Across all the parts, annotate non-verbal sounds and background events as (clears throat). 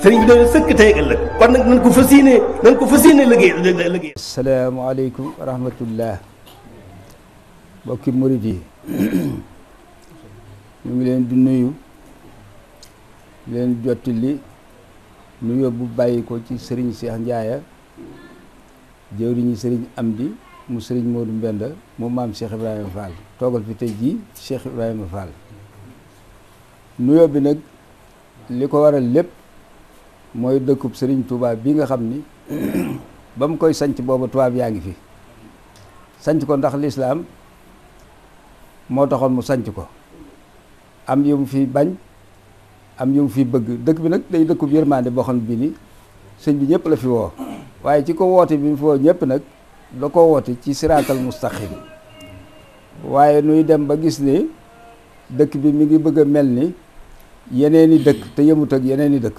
sëriñ bi daal sëkk tey ëllëg kon nag nañ ko fas yéene ko fas yéene liggéey mbokki murit yi (clears throat) ñu ngi leen di nuyu leen jottali nuyoo bu bàyyi ci sëriñ Cheikh Ndiaye jëwriñu sëriñ Amdi mu sëriñ Modou mbend mu maam Cheikh Ibrahima Fall toogal fi tey jii Cheikh Ibrahima Fall nuyoo bi nag li ko waral lépp. mooy dëkkub sëriñ Touba bi nga xam ni (clears throat) ba mu koy sanc booba tubaab yaa ngi fi sanc ko ndax lislaam moo taxoon mu sanc ko am yu mu fi bañ am yu mu fi bëgg dëkk bi nag day dëkkub yërmande boo xam bii ni sëñ bi ñëpp la fi woo waaye ci ko woote bi mu fi woo ñëpp nag da ko woote ci siraatal mustaqim waaye nuy dem ba gis ni dëkk bi mu ngi bëgg a mel ni yeneeni dëkk te yëmut ak yeneeni dëkk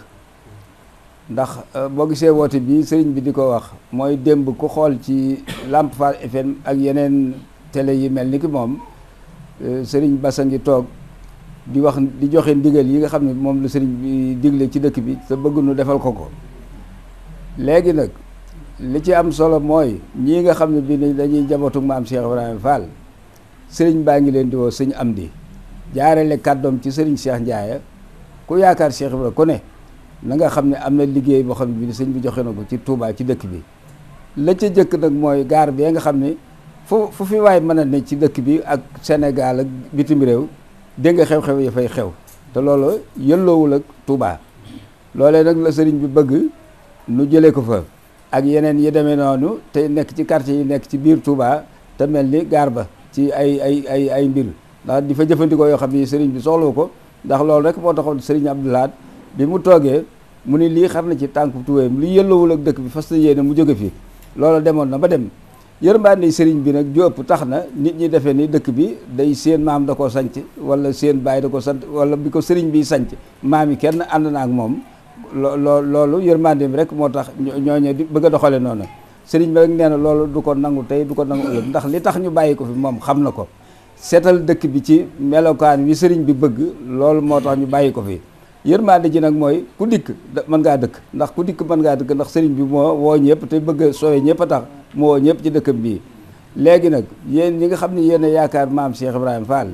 ndax euh, boo gisee woote bi sëriñ bi di ko wax mooy démb ku xool ci Lamp Fall FM ak yeneen tele yi mel ni ki moom euh, sëriñ Bassa ngi toog di wax di joxe ndigal yi nga xam ne moom la sëriñ bi digle ci dëkk bi sa bëgg nu defal ko ko léegi nag li ci am solo mooy ñii nga xam ne bi ni dañuy jabootu maam Cheikh Ibrahima Fall sëriñ baa ngi leen di woo sëñ am di jaarale kàddoom ci sëriñ Cheikh Ndiaye ku yaakaar Cheikh Ibrahima ku ne na nga xam ne am na liggéey boo xam ne bi sëñ bi joxe na ko ci Touba ci dëkk bi la ca jëkk nag mooy gaar bee nga xam ne fu fu fi waay mën a ne ci dëkk bi ak senegaal ak bitim réew dégg xew-xew ya fay xew te loolu yëlloowul ak Touba loole nag la sëriñ bi bëgg nu jëlee ko fa ak yeneen yi demee noonu te nekk ci quartier yi nekk ci biir Touba te mel ni gaar ba ci ay ay ay ay mbir ndax di fa jëfandikoo yoo xam ne sëriñ bi soxla ko ndax loolu rek moo taxoon sëriñ Abdoulaye bi mu toogee mu ni lii xam na ci tànk tuwéyam li yëllowul ak dëkk bi fas yéene mu jóge fi loola demoon na ba dem yërmande sëriñ bi nag ju ëpp tax na nit ñi defee ni dëkk bi day seen maam da koo sanc wala seen bàyyi da ko sant wala bi ko sëriñ bi sanc maam yi kenn ànd na ak moom loo loolu yërmande bi rek moo tax ñooñu di bëgg a doxale noonu sëriñ bi rek nee na loolu du ko nangu tey du ko nangu ëllëg ndax li tax ñu bàyyi ko fi moom xam na ko seetal dëkk bi ci melokaan wi sëriñ bi bëgg loolu moo tax ñu bàyyi ko fi yërmande ji nag mooy ku dikk mën ngaa dëkk ndax ku dikk mën ngaa dëkk ndax sëriñ bi moo woo ñëpp te bëgg a soowe ñëpp a tax moo woo ñëpp ci dëkkam bii léegi nag yéen ñi nga xam ne yéen yaakaar maam Cheikh Ibrahima Fall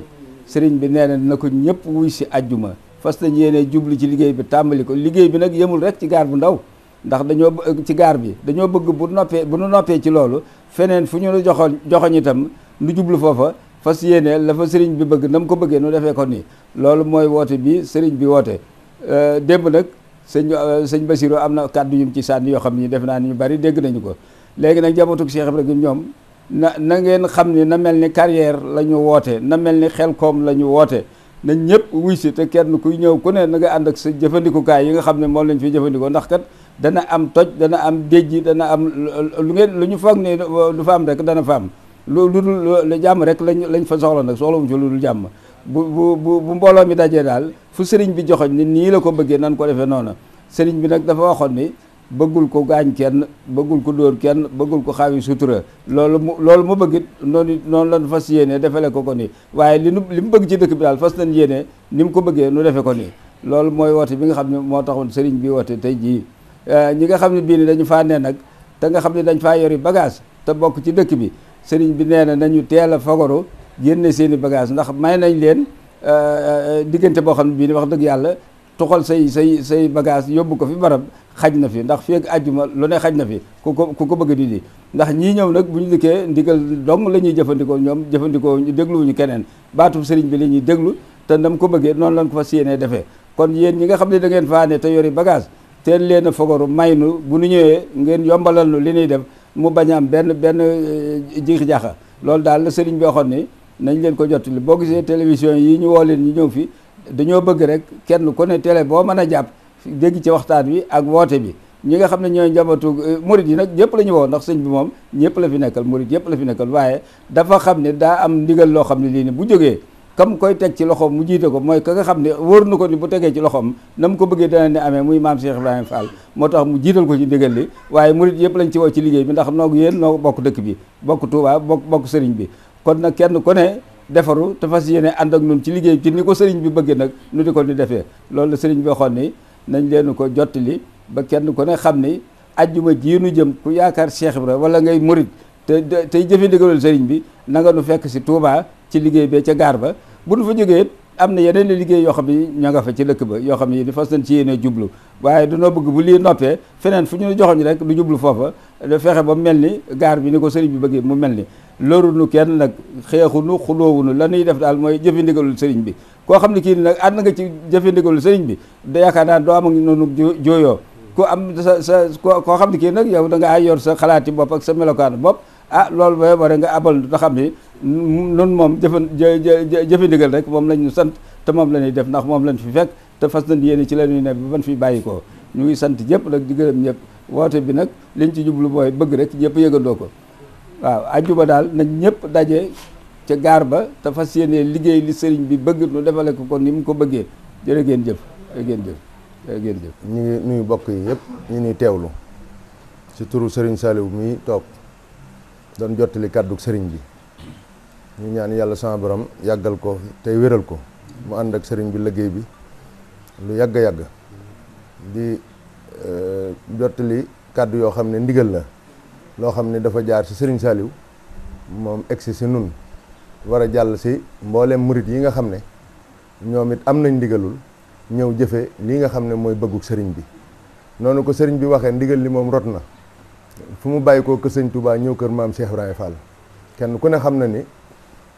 sëriñ bi nee na na ko ñëpp wuy si ajjuma fas nañ yéene jublu ci liggéey bi tàmbali ko liggéey bi nag yemul rek ci gaar bu ndaw ndax dañoo ci gaar bi dañoo bëgg bu noppee bu nu noppee ci loolu feneen fu ñu joxoon joxoñ itam nu jublu foofa fas yéene la fa bi bëgg na ko bëggee nu defee ko nii loolu mooy bi sëriñ bi woote Euh, démb nag sëñ euh, sëñ Basirou am na kàddu yum ci sànni yoo xam ni def naa ni ñu bari dégg nañu ko léegi nag jamatug Cheikh Ibrahima ñoom na na ngeen xam ni na mel ni carrière la ñu woote na mel ni xel koom la ñu woote na ñëpp wuy si te kenn kuy ñëw ku ne na ànd ak sa jëfandikukaay yi nga xam ne moom lañ fi jëfandikoo ndax kat dana am toj dana am déjji dana am lu ngeen lu ñu foog ne du fa am rek dana fa am lu lu dul jàmm rek lañ lañ fa soxla nag soxla wuñ ci lu dul jàmm bu bu bu mbooloo mi dajee daal fu sëriñ bi joxoñ ni nii la ko bëggee nan ko defee noonu sëriñ bi nag dafa waxoon ni bëggul ko gaañ kenn bëggul ko dóor kenn bëggul ko xaawi sutura loolu mu loolu mu bëggit noonu noonu lan fas yéene defale ko ko nii waaye li nu li mu bëgg ci dëkk bi daal fas nañ yéene ni mu ko bëggee nu defe ko nii loolu mooy woote bi nga xam ne moo taxoon sëriñ bi woote tey jii eh, ñi nga xam ne bii ni dañu faa ne nag te nga xam ne dañ faa yori bagage te bokk ci dëkk bi sëriñ bi nee na nañu teel a fagaru génne seen i bagage ndax may nañ leen euh, euh, diggante boo xam ne bii ni wax dëgg yàlla tuxal say say say bagage yóbbu ko fi barab xaj na fi ndax feeg àjjuma lu ne xaj na fi ku ko ku ko bëgg di di ndax ñii ñëw nag bu ñu dikkee ndigal dong la ñuy jëfandikoo ñoom jëfandikoo ñu dégluwuñu keneen baatub sëriñ bi la ñuy déglu te ndam ko bëggee noonu lañ ko fas yéenee defee kon yéen ñi nga xam ne da ngeen faane te yori bagage te leen a fogoru may nu bu nu ñëwee ngeen yombalal nu li ñuy def mu bañ am benn benn euh, jiixi jaaxa loolu daal la sëriñ bi waxoon nañ leen ko jottali boo gisee télévision yi ñu woo leen ñu ñëw fi dañoo bëgg rek kenn ku ne tele boo mën a jàpp dégg ci waxtaan wi ak woote bi ñi nga xam ne ñooy njabootu euh, murit yi nag ñëpp la ñu woo ndax sëñ bi moom ñëpp la fi nekkal murit yëpp la fi nekkal waaye dafa xam ne daa am ndigal loo xam ne lii ne bu jógee kam koy teg ci loxoom mu jiite ko mooy ka nga xam ne wóor na ko ni bu tegee ci loxoom na mu ko bëggee dana ne amee muy maam Cheikh Ibrahima Fall moo tax mu jiital ko ci ndigal li waaye murit yëpp lañ ci woo ci liggéey bi ndax noogu yéen noo bokk dëkk bi bokk Touba bokk bokk sëriñ bi kon nag kenn ko ne defaru te fas yéene ànd ak ñun ci liggéey ci ni ko sëriñ bi bëggee nag nu di ko ni defee loolu la sëriñ bi waxoon ni nañ leen ko jottali ba kenn ku ne xam ni ajjuma ji nu jëm ku yaakaar bi Ibra wala ngay murit te tey jëfe ndigalul sëriñ bi nanga nu fekk si Touba ci liggéey bee ca gaar ba bu nu fa jógee am na yeneen liggéey yoo xam ni ña nga fa ci lëkk ba yoo xam ni fas nañ ci yéene jublu waaye dañoo bëgg bu lii noppee feneen fu ñu joxoñ rek lu jublu foofa da fexe ba mel ni gaar bi ni ko sëriñ bi bëggee mu mel ni lorunu kenn nag xeexunu xuloowunu la ñuy def daal mooy jëfandikalul sëriñ bi koo xam ne kii nag ànd nga ci jëfandikalul sëriñ bi da yaakaar naa doo am ak noonu jooyoo ku am sa sa koo xam ne kii nag yow da nga ay yor sa xalaati bopp ak sa melokaanu bopp ah loolu ba war nga abal da xam ni nun moom jëfan jëfe ndigal rek moom lañ sant te moom la ñuy def ndax moom lañ fi fekk te fas nañ yéene ci la ñuy ne bi ban fi bàyyi ko ñu ngi sant ñëpp nag di gërëm ñëpp woote bi nag liñ ci jublu mooy bëgg rek ñëpp yëgandoo ko waaw ajjuma daal nañ ñëpp daje ca gaar ba te fas yéene liggéey li sëriñ bi bëgg nu defale ko kon ni mu ko bëggee jërë ngeen jëf jërë ngeen jëf jërë ngeen jëf ñu nuyu bokk yi yëpp ñu nuy teewlu ci turu sëriñ Saliou mii toog doon jottali kàddug sëriñ bi ñu ñaan yàlla sama borom yàggal ko tey wéral ko mu ànd ak sëriñ bi liggéey bi lu yàgg yàgg di e, jottali kàddu yoo xam ne ndigal la loo xam ne dafa jaar ci sëriñ Saliou moom egsi si nun war a jàll si mbooleem murit yi nga xam ne ñoom it am nañ ndigalul ñëw jëfe lii nga xam ne mooy bëggug sëriñ bi noonu ko sëriñ bi waxee ndigal li moom rot na fu mu bàyyi koo kër sëñ Touba ñëw kër maam Cheikh Ibrahima Fall kenn ku ne xam na ni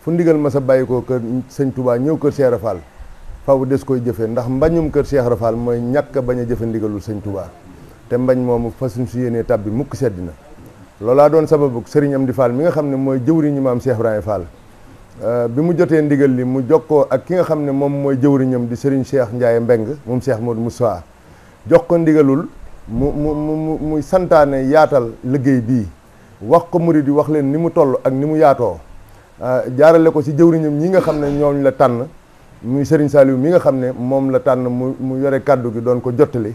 fu ndigal ma sa bàyyi koo kër sëñ Touba ñëw kër Cheikh Ibrahima Fall faw des koy jëfe ndax mbañum kër Cheikh Ibrahima mooy ñàkk a bañ a jëfe ndigalul sëñ tubaa te mbañ moomu fasuñ si yéenee tab bi mukk sedd na loolaa doon sababu sëriñam di Fall mi nga xam ne mooy jëwriñu maam Cheikh Ibrahima Fall euh, bi mu jotee ndigal li mu ko ak ki nga xam ne moom mooy jëwriñam di sëriñ Cheikh Ndiaye Mbeng moom Cheikh Modou Moussa jox mu mu mu muy santaane yaatal liggéey bii wax ko murid yi wax leen ni mu toll ak ni mu yaatoo ah, jaarale ko ci jëwriñam ñi nga xam ne ñooñ la tànn muy Serigne Saliou mi nga xam ne moom la tànn mu mu yore kàddu gi doon ko jottali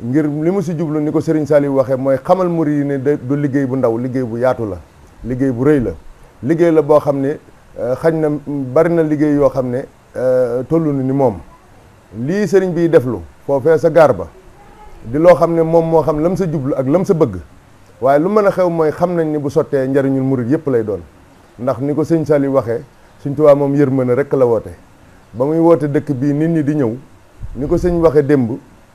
ngir li mu si jublu ni ko Serigne Saliou waxee mooy xamal murid yi ne du liggéey bu ndaw liggéey bu yaatu la liggéey bu rëy la liggéey la boo xam ne ah, xañ na bari na liggéey yoo xam ne ah, tollu ni moom lii sëriñ bi deflu foofee sa gaar ba di loo xam ne moom moo xam lam sa jublu ak lam sa bëgg waaye lu mën a xew mooy xam nañ ni bu sottee njariñul murit yëpp lay doon ndax ni ko sëñ Saliou waxee sëñ Tuubaa moom yërmande rek la woote ba muy woote dëkk bii nit ñi di ñëw ni ko sëñ waxee démb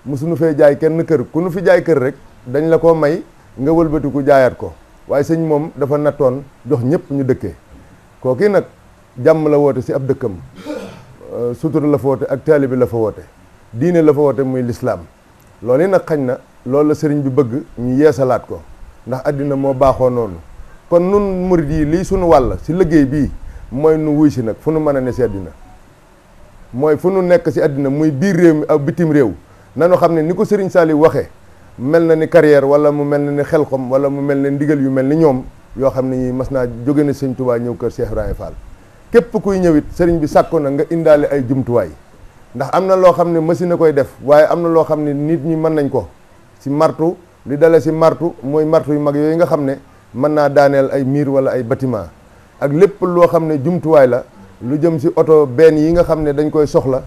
musuñu fee jaay kenn kër ku nu fi jaay kër rek dañ la ko may nga wëlbatiku jaayaat ko waaye sëñ moom dafa nattoon jox ñëpp ñu dëkke kooki nag jàmm la woote si ab dëkkam euh, sutura la fa woote ak taalibi la fa woote diine la fa muy lislaam loolu nag xañ na loolu la sëriñ bi bëgg ñu yeesalaat ko ndax àddina moo baaxoo noonu kon nun murid yi lii suñu wàll si liggéey bii mooy nu wuy si nag fu nu mën a ne si àddina mooy fu nu nekk si àddina muy biir réew mi aw bitim réew na nanu xam ne ni ko sëriñ Saliou waxee mel na ni carrière wala mu mel na ni xel xelkom wala mu mel ne ndigal yu mel ni ñoom yoo xam ne ñi mas naa jóge na sëñ Touba ñëw kër Cheikh Ibrahima Fall képp kuy ñëwit sëriñ bi sàkko na nga indaale ay jumtuwaay ndax am na loo xam ne machine a koy def waaye am na loo xam ne nit ñi mën nañ ko si martu li dale si martu mooy martu yu mag yooyu nga xam ne mën naa daaneel ay miir wala ay bâtiment ak lépp loo xam ne jumtuwaay la lu jëm si oto benn yi nga xam ne dañ koy soxla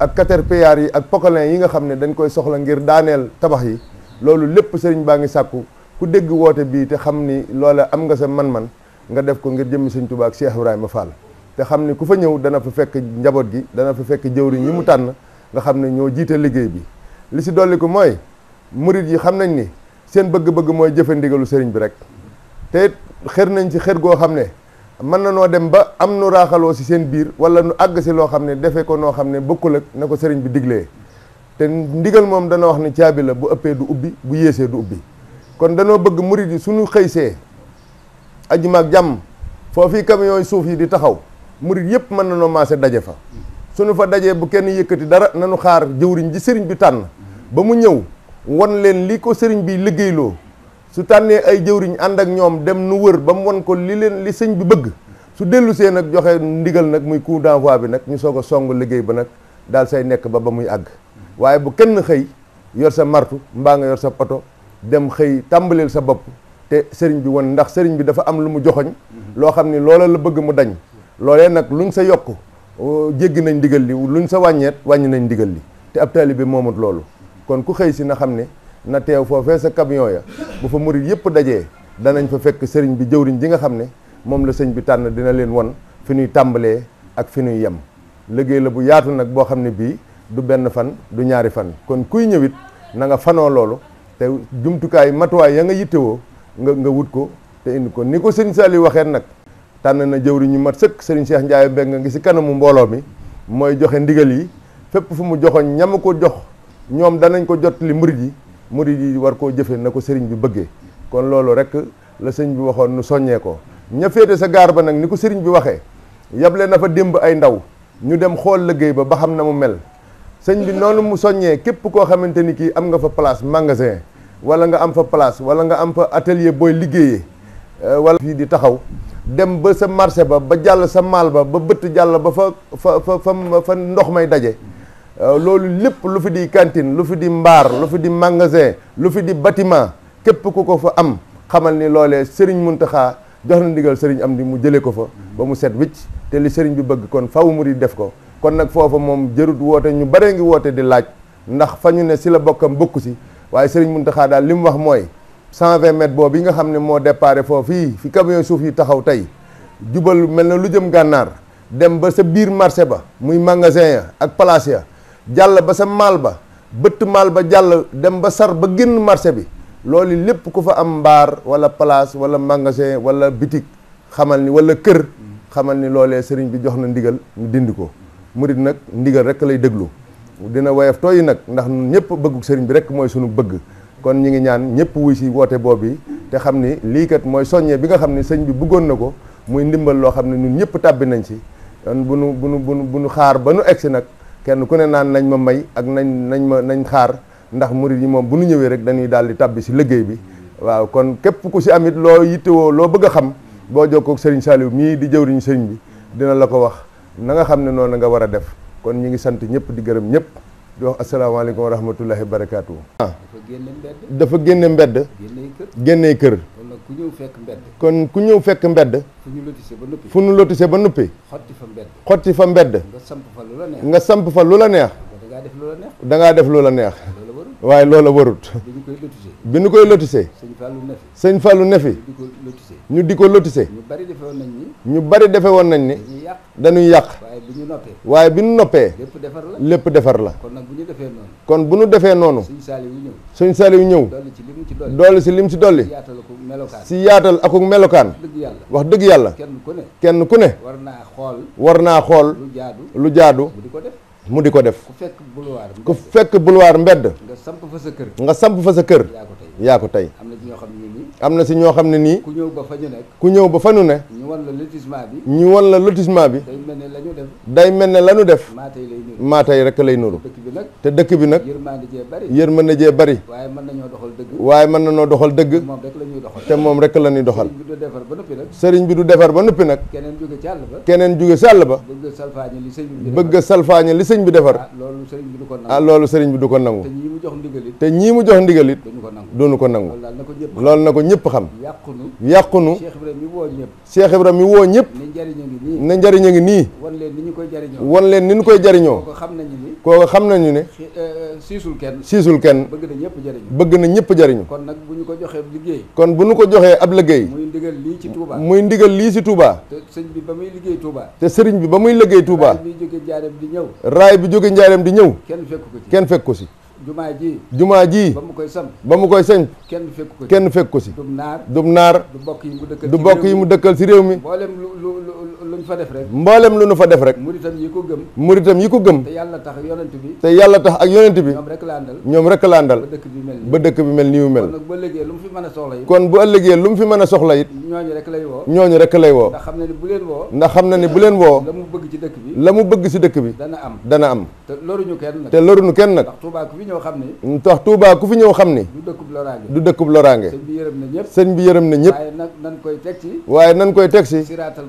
ak caterpillar yi ak pokalin yi nga xam ne dañ koy soxla ngir daaneel tabax yi loolu lépp sëriñ baa ngi sàkku ku dégg woote bii te xam ni loola am nga sa man-man nga def ko ngir jëmmi sëñ Tuubaa ak Cheikh te xam ne ku fa ñëw dana fa fekk njaboot gi dana fa fekk jëwriñ yi mu tànn nga xam ne ñoo jiite liggéey bi li si dolli ko mooy murit yi xam nañ ni seen bëgg-bëgg mooy jëfe ndigalu sëriñ bi rek te xër nañ ci xër goo xam ne mën na noo dem ba am nu raaxaloo si seen biir wala nu àgg si loo xam ne defee ko noo xam ne bokkul ak na ko sëriñ bi diglee te ndigal moom dana wax ne caabi la bu ëppee du ubbi bu yéesee du ubbi kon danoo bëgg murit yi suñu xëysee ajuma jàmm foo fii camion suuf yi di taxaw mu murit yëpp mën nañoo maase daje fa suñu fa dajee bu kenn yëkkati dara nañu xaar jëwriñ di sëriñ bi tànn ba mu ñëw won leen li ko sëriñ bi liggéeyloo su tànnee ay jëwriñ ànd ak ñoom dem nu wër ba mu won ko li leen li sëñ bi bëgg su dellu see nag joxe ndigal nag muy coup d'envoi bi nag ñu soog a song liggéey ba nag daal say nekk ba ba muy àgg waaye bu kenn xëy yor sa martu mbaa nga yor sa poto dem xëy tàmbaleel sa bopp te sëriñ bi won ndax sëriñ bi dafa am lu mu joxoñ loo xam ni loola la bëgg mu dañ loolee nag lu luñ sa yokk uh, jéggi nañ digal li luñ sa wàññeet wàññi nañ ndigal li te ab taalibe moomut loolu kon ku xëy si na xam ne na teew foofee sa camion ya bu fa murit yëpp dajee danañ fa fekk sëriñ bi jëwriñ ji nga xam ne moom la sëñ bi tànn dina leen won fi ñuy tàmbalee ak fi ñuy yem liggéey la bu yaatu nag boo xam ne bii du benn fan du ñaari fan kon kuy ñëwit na nga fanoo loolu te jumtukaay matuwaay ya nga yittewoo nga nga wut ko te indi ko ni ko sëñ Saliou waxee nag tànn na jëwriñ ñu mat sëkk Serigne Cheikh Ndiaye Mbengue ngi si kanamu mbooloo mi mooy joxe ndigal yi fépp fu mu joxoñ ñam ko jox ñoom danañ ko jot li murid yi murid yi war koo jëfe na ko sëriñ bi bëggee kon loolu rek la sëriñ bi waxoon nu soññee ko ña féete sa gaar ba nag ni ko sëriñ bi waxee yable na fa démb ay ndaw ñu dem xool liggéey ba ba xam na mu mel sëñ bi noonu mu soññee képp koo xamante ni kii am nga fa place magasin wala nga am fa place wala nga am fa atelier booy liggéeyee eh, wala fii di taxaw dem ba sa marché ba ba jàll sa maal ba ba bëtt jàll ba fa fa fa fa ndox may daje euh, loolu lépp lu fi di cantine lu fi di mbaar lu fi di magasin lu fi di bâtiment képp ku ko fa am xamal ni loole loolee Serigne xaa jox na ndigal sëriñ am di mu jëlee ko fa ba mu set wicc te li Serigne bi bëgg kon faw mu di def ko kon nag foofa moom jërut woote ñu bare ngi woote di laaj ndax fa ñu ne si la bokkam bokku si waaye Serigne Mountakha daal li mu wax mooy 120 mètres boobu yi nga xam ne moo déparé foofu fi camion suuf yi taxaw tey jubal mel na lu jëm gànnaar dem ba sa biir marché ba muy magasin ya ak place ya jàll ba sa maal ba bëtt maal ba jàll dem ba sar ba génn marché bi loolu lépp ku fa am mbaar wala place wala magasin wala bitig xamal ni wala kër xamal ni loolee sëriñ bi jox na ndigal ñu dindi ko murit nag ndigal rek lay déglu dina woyof tooy nag ndax ñëpp bëggu sëriñ bi rek mooy sunu bëgg kon ñi ngi ñaan ñëpp wuy si woote boobu te xam ni lii kat mooy soññee bi nga xam ni sëñ bi bëggoon na ko muy ndimbal loo xam ne ñun ñëpp tàbbi nañ si kon bu nu bu nu bu bu nu xaar ba nu egsi nag kenn ku ne naan nañ ma may ak nañ nañ ma nañ xaar ndax murid yi moom bu nu ñëwee rek dañuy daal di tàbbi si liggéey bi waaw kon képp ku si amit loo yittewoo loo bëgg a xam boo jokkoo ak sëriñ Saliou mii di jëwriñ sëriñ bi dina la ko wax na nga xam ne noonu nga war a def kon ñu ngi sant ñëpp di gërëm ñëpp di wax asalaamaaleykum wa rahmatullahi wa barakaatu. génne mbedd. dafa génne mbedd. génney kër génney kër. kon ku ñëw fekk mbedd. kon ku fekk mbedd. fu ñu lotissé ba noppi. fu ba noppi. xotti fa mbedd. xotti fa mbedd. nga samp fa lu la neex. nga samp fa lu la neex. da ngaa def lu la neex. da ngaa def lu la neex. waaye loola warut. bi ñu koy lotissé. bi ñu koy lotissé. sëñ Fallou Nefi. sëñ Fallou Nefi. ñu di ko lotissé. ñu di ko lotissé. ñu bari defe woon nañ ni. ñu bari defe woon nañ ni. dañuy yàq dañuy yàq. waaye bi ñu noppee. waaye bi ñu noppee. lépp defar la la. kon kon bu nu defee noonu suñ saaliw ñëw dolli si lim si dolli si yaatal akuk melokaan wax dëgg yàlla kenn ku ne war naa xool lu jaadu mu di ko def ku fekk boulevard mbedd nga samp fa sa kër yaa ko tey am na ci ñoo am na si ñoo xam ne nii. ku ñëw ba fa ñu nekk. ñëw ba fa ne. ñu wan la lotissement bi. ñu la lotissement bi. day mel ne la ñu def. day mel ne la ñu def. maatay lay nuru maatay rek lay nuru. dëkk bi nag te dëkk bi nag. yërmande jee bari. yërmande jee bari. waaye mën nañoo doxal dëgg. waaye mën nañoo doxal dëgg. moom rek la ñuy doxal te moom rek la ñuy doxal. sëriñ bi du defar ba noppi nag. sëriñ bi du defar ba noppi nag. keneen jóge ci àll ba. keneen jóge ci àll ba. bëgg a salfaañe li sëriñ bi. bëgg a salfaañe li sëriñ bi defar. ah loolu sëriñ bi du ko nangu. Ah, te ñii mu jox ndigalit duñu ko nangu ñëpp xam. yàqunu yàqunu. Cheikh Ibrahima mi woo ñëpp. Cheikh Ibrahima mi woo ñëpp. ne njëriñ a ngi nii ne nii. wan leen ni ñu koy jëriñoo. wan leen ni ñu koy jëriñoo. xam nañu ni. kooku xam nañu ne. Euh, euh, siisul kenn. siisul kenn. bëgg na ñëpp jëriñu. bëgg na ñëpp jëriñu. kon nag bu ñu ko joxee liggéey. kon bu ñu ko joxee ab liggéey. muy ndigal lii ci Touba. muy ndigal lii ci Touba. te sëriñ bi ba muy liggéey Touba. te sëriñ bi ba muy liggéey Touba. raay bi jóge njaareem di ñëw. raay bi jóge njaareem di ñëw. kenn fekk ko ci kenn fekk ko ci jumaa ji jumaa ji ba mu koy samp ba mu koy samp kenn fekk ko kenn fekk ko si dum naar dum naar du bokk yi mu dëkkal du yi mu dëkkal si réew mi mboolem lu lu ñu fa def rek. mboolem lu ñu fa def rek. muritam yi ko gëm. muritam yi ko gëm. te yàlla tax ak yonent bi. ñoom rek la àndal. ñoom rek la àndal. ba dëkk bi mel nii mu mel. kon nag bu ëllëgee lu mu fi mën a soxla it. a soxla it. ñooñu rek lay woo. ñooñu rek ndax xam na ni bu leen woo. ndax xam na bu leen woo. la mu bëgg ci dëkk bi. la mu bi. dana am dana am. te loruñu kenn nag. te loruñu kenn nag. ndax Touba ku fi ñëw xam ni. ndax Touba ku fi ñëw xam ni. du dëkkub loraange. du dëkkub loraange. sëñ bi yërëm na ñëpp. sëñ bi yërëm na ñëpp. waaye nan koy teg ci. waaye nan koy teg ci. siraatal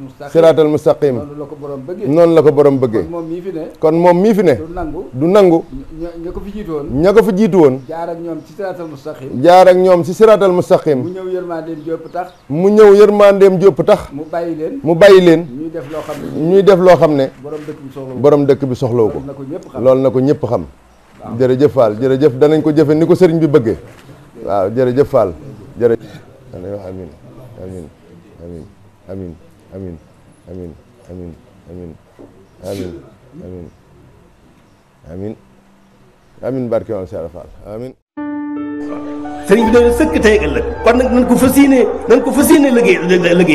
mustaqim noonu la ko borom bëggee kon moom mii fi ne du nangu ña ko fi jiitu woon ña ko fi jiitu woon jaar ak ñoom ci siraatal mustaqim jaar ak ñoom ci siraatal mustaqim mu ñëw yërmandeem jópp tax mu ñëw yërmandeem jópp tax mu bàyyi leen mu bàyyi leen ñuy def loo xam ne ñuy def loo xam ne borom dëkk bi soxlaw ko loolu na ko ñëpp xam jërëjëf Fall jërëjëf danañ ko jëfe ni ko sëriñ bi bëggee waaw jërëjëf Fall jërëjëf amin amin amin amin amin amin amin amin amin amin amin amin barke maam Cheikh Fall amin sëriñ bi de sëkk tey ëllëg kon nag nañ ko fas yéene nañ ko fas yéene liggéey liggéey